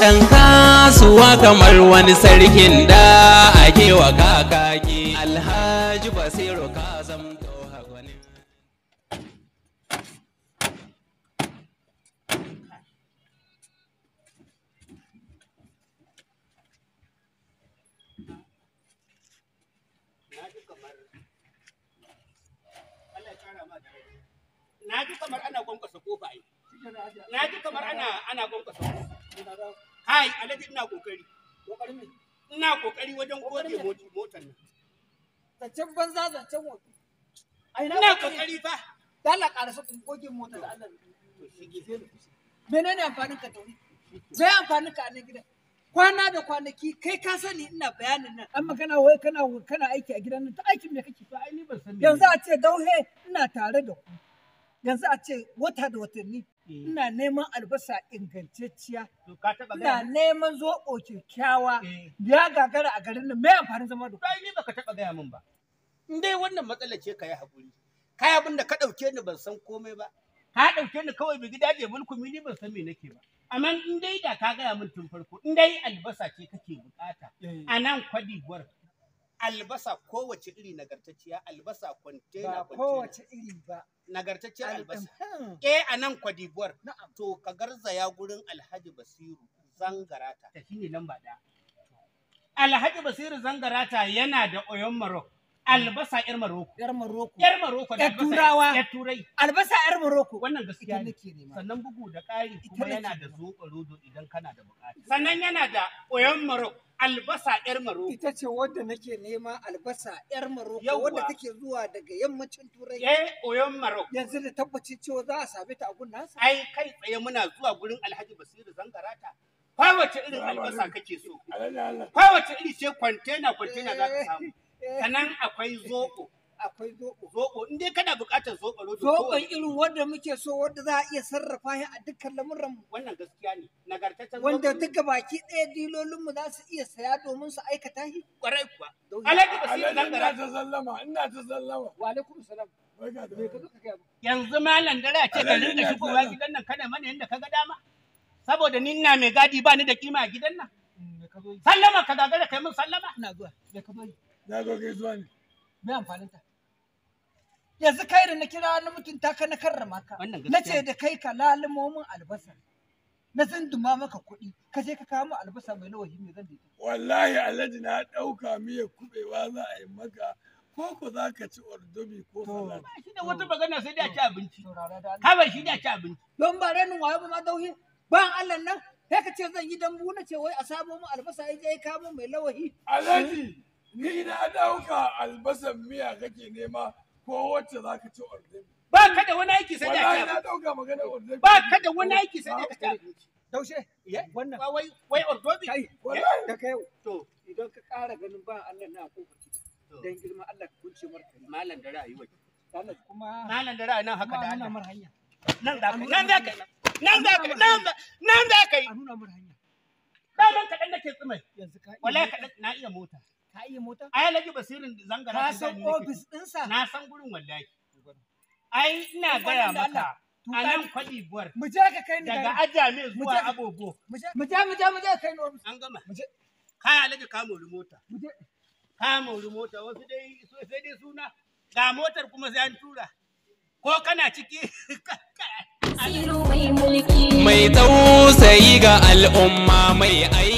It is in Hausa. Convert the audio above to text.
ɗan kasuwa kamar wani sarkin da ake wa kakaki alhaji basiru ka zamto hagwani na ji kamar ana ko kofa yi na ji kamar ana ana ba kofa hai alaji ina kokari kokarin me ina kokari wajen goge motar nan zancen banza zancen wato ina kokari fa dala karasa kun goge motar Allah menene amfanin ka tauri zai amfanin ka a nan gidan kwana da kwanaki kai ka sani ina bayanin nan amma kana wai kana kana aiki a gidan nan ta aiki me kake fa ai ni ban sani yanzu a ce dauhe ina tare da ku yanzu a ce wata da watanni Eh. ina neman albasa ingantacciya ina neman zoɓo kyakkyawa eh. ya gagara a garin nan mai amfanin zama da kai ni baka taba gaya min ba in dai wannan matsala ce kai hakuri kai abin da ka ɗauke ni ban san komai ba ka ɗauke ni kawai bigida gida da mulkumi ni ban san me nake ba amma in dai da ka gaya min tun farko in dai albasa ce kake bukata eh. anan nan kwadibuwar albasa kowace iri nagartacciya albasa kwantena ba kowace iri ba nagartacciyar albasa hmm. eh a nan kwadibuwar to ka garzaya gurin alhaji basiru zangarata ta shine ba da alhaji basiru zangarata yana da oyon marok albasa yar maroko yar maroko yar maroko da turawa yar turai albasa yar maroko wannan gaskiya nake nema sannan bugu da ƙari kuma yana da zoɓa rodo idan kana da buƙata sannan yana da oyon maroko albasa yar maro. ita ce wadda nake nema albasa yar maro wadda take zuwa daga yammacin turai eh oyon maro. yanzu da tabbacin cewa za a same ta a gun nasa ai kai tsaye muna zuwa gurin alhaji basiru zangarata kowace irin albasa kake so kowace iri ce kwantena kwantena za ka eh, samu eh. sannan akwai zoɓo akwai zoɓo in dai kana buƙatar zoɓo rodo zoɓon irin wanda muke so wanda za a iya sarrafa shi a dukkan lamuran mu wannan gaskiya ne nagartaccen wanda duka baki ɗaya dilolin mu za su iya saya domin su aikata shi kwarai kuwa alhaji basira nan gara ta sallama ina ta sallama wa alaikum salam yanzu malam dara ce ka rinka shigowa gidan nan kana mana yanda ka ga dama saboda ni ina mai gadi ba ni da kima a gidan nan mm, sallama ka gagara kai min sallama ina zuwa me ka bari na zo kai zuwa ne me amfanin ta yanzu kai da na kira na mutunta ka na karrama ka na ce da kai ka lalimomin albasa na zinduma maka kuɗi ka je ka kawo mu albasa mai nawa shine zan daita wallahi alhaji na ɗauka miya kubewa za a yi maka ko ko za ka ci ordobi ko salad shi ne wata magana sai da ci abinci kawai shi da ci abinci don ba renin wayo ba ma dauhi ban Allah nan sai ka ce zan yi dambu na ce wai a samo mu albasa ai je kawo mai lawahi alhaji eh? ni na ɗauka albasan miya kake nema ko za ka ci ba ka da wani aiki sai da ka na ba ka da wani aiki sai da ka ci taushe wannan wai wai ordobi kai wallahi da kai to idan ka ƙara ganin ba Allah na kofar dan girma Allah ka kunce marka malam da kuma malam da nan haka da Allah nan da ka nan da ka nan da ka nan da ka nan da ka yi a nuna mar hanya tsumai yanzu ka wallahi na iya mota ka iya mota ai basirin zanga na san office na san gurin gaya maka a nan kwaɗi sai dai suna ga motar kuma sai tura ko ciki mai mai tausayi ga al'umma mai ai